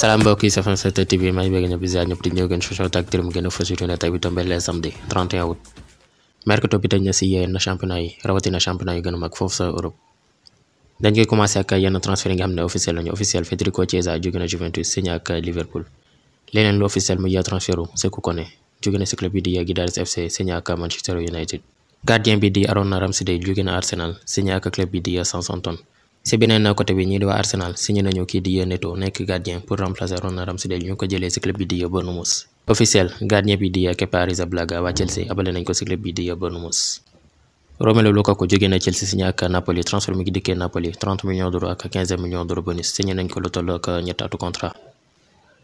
salaam mbokk yi safam sa tëtt bi maa ngi bëgg ñëpp di ziar ñëpp ak tërëm gën a fas yéene tey bi tombé le samedi 31 août mercato bi tëj na si yenn championnat yi rawatina championnat yu gën foofu sa Europe dañ koy commencé ak yenn transfert yi xam ne officiel lañu officiel Federico Chiesa jóge Juventus signé ak Liverpool leneen lu officiel mu yaa transferu Sékou Koné jóge club bi di Guidars FC signé ak Manchester si beneen côté bi ñii di waa Arsenal signé nañu kii di Neto nekk gardien pour remplacer Ronald Ramsdale ñu ko jëlee si bi di Bournemouth officiel gardien bi di Kepa Arrizabalaga waa Chelsea abale nañ ko si bi di Bournemouth Romelu Lukaku jóge na Chelsea signé ak Napoli transfert mi dikkee Napoli 30 millions ak 15 millions bonus signé nañ ko lu toll ak ñetti atu contrat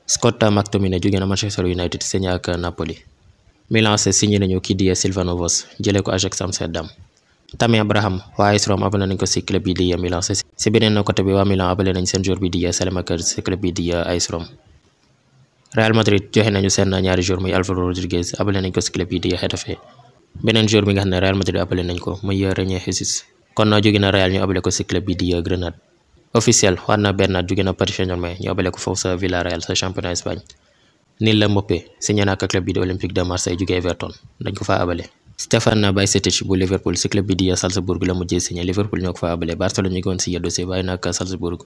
Scott McTominay jóge na Manchester United Tammy Abraham waa AS Roma abale nañ ko si club bi di Milan si beneen côté bi waa Milan abale nañ seen joueur bi di Salemaker si club bi di AS Roma Real Madrid joxe nañu seen ñaari joueur muy Alvaro Rodriguez abale nañ ko si club bi di Getafe beneen joueur bi nga xam ne Real Madrid abale nañ ko muy René Jesus kon jóge na Real ñu abale ko si club bi di Grenade officiel war na Bernat jóge na sa Villarreal sa championnat Espagne Nil la Mbappé signé na ak club bi di Olympique de Marseille Stefan Bajsetic bu Liverpool si club bi di Salzbourg la mujjee signé Liverpool ñoo ko fa abale Barcelone ñu ngi woon si yeddu si Salzbourg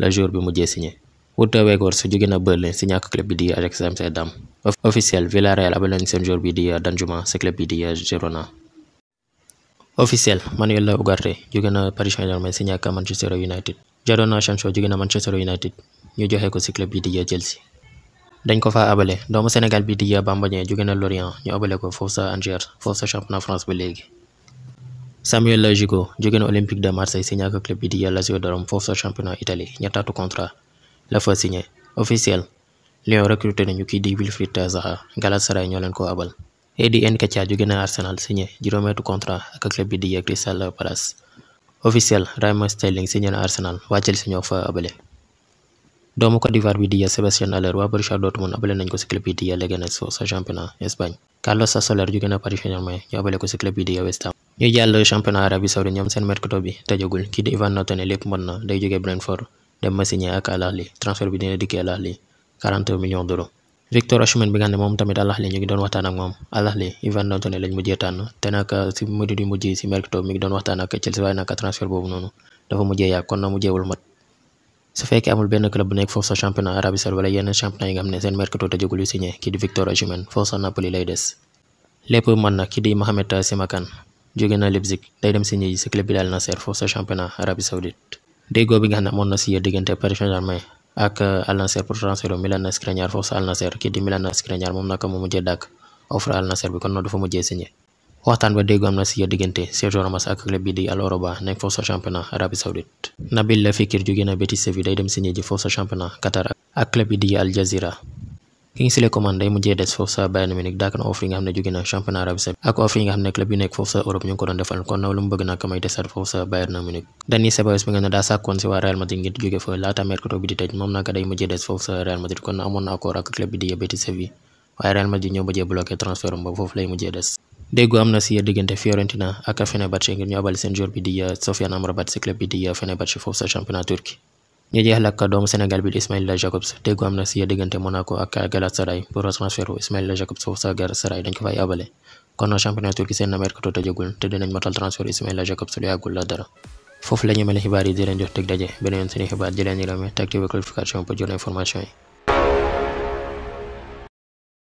la jour bi mujjee signé. Wout Weghorst jóge na Berlin si ñàkk club bi di Ajax Amsterdam officiel Villarreal abale nañ seen jour bi di Danjuma si club bi di Girona. officiel Manuel Ugarte jóge na Paris Saint-Germain si ñàkk Manchester United Jadon Sancho jóge na Manchester United ñu joxe ko si club bi di Chelsea. dañ ko faa abale doomu senegal bi Didier Bamba Dieng jóge na Lorient ñu abale ko foofu sa Angers foofu sa championnat France ba léegi Samuel Lagigo jóge na Olympique de Marseille signé ak club bi Didier Lazio de Rome foofu sa championnat Italie ñettaatu contrat la fa signé officiel Lyon recruté nañu kii di Wilfried Zaha Galatasaray ñoo leen ko abal Eddie Nketiah jóge na Arsenal signé juróomeetu contrat ak club bi Didier Crystal Palace officiel Raheem Sterling signé na Arsenal doomu Côte d'Ivoire bi di ya Sébastien Haller waa Borussia Dortmund abale nañ ko si bi di ya Leganés sa championnat Espagne Carlos Soler jóge na Paris saint ñu abale ko si bi di ya West Ham ñuy jàll championnat Arabie Saoudite ñoom seen mercato bi tëjagul kii di Ivan Toney lépp mën na day jóge Brentford dem ma ak Al Ahly bi dina dikkee Al Ahly 41 Victor Osimhen bi nga xam ne moom tamit Al ñu ngi doon waxtaan ak moom Al su fekkee amul benn club bu nekk foofu sa championnat Arabie Saoudite wala yeneen championnat yi nga xam ne seen mercato tëjagul yu signé kii di Victor Osimhen foofu Napoli lay des lépp mën na kii di Mohamed Simakan jóge na Leipzig day dem signé yi si club bi Al Nassr foofu championnat Arabie Saoudite déggoo bi nga xam ne amoon na si diggante Paris Saint-Germain ak Al Nassr pour transfert Milan Skriniar foofu sa Al Nassr di Milan Skriniar moom naka mu mujjee waxtaan ba déggu am na si ya diggante Sergio Ramos ak club bi di Al Oroba nekk waaye Real Madrid ñoo mujjee bloqué transfert ba foofu lay mujjee des déggoo am na si diggante Fiorentina ak Fenerbahçe ngir ñu abal seen bi di euh, Sofiane Amrabat si club bi di euh, Fenerbahçe foofu sa championnat turki ñu jeexal ak doomu Sénégal bi di Ismaïla Jacobs déggoo am na si diggante Monaco ak Galatasaray pour transfert u Ismaïla Jacobs foofu sa Galatasaray dañ ko fay abale kon championnat turki seen mercato tëjagul te dinañ matal transfert Ismaïla Jacobs lu yàggul la dara foofu yi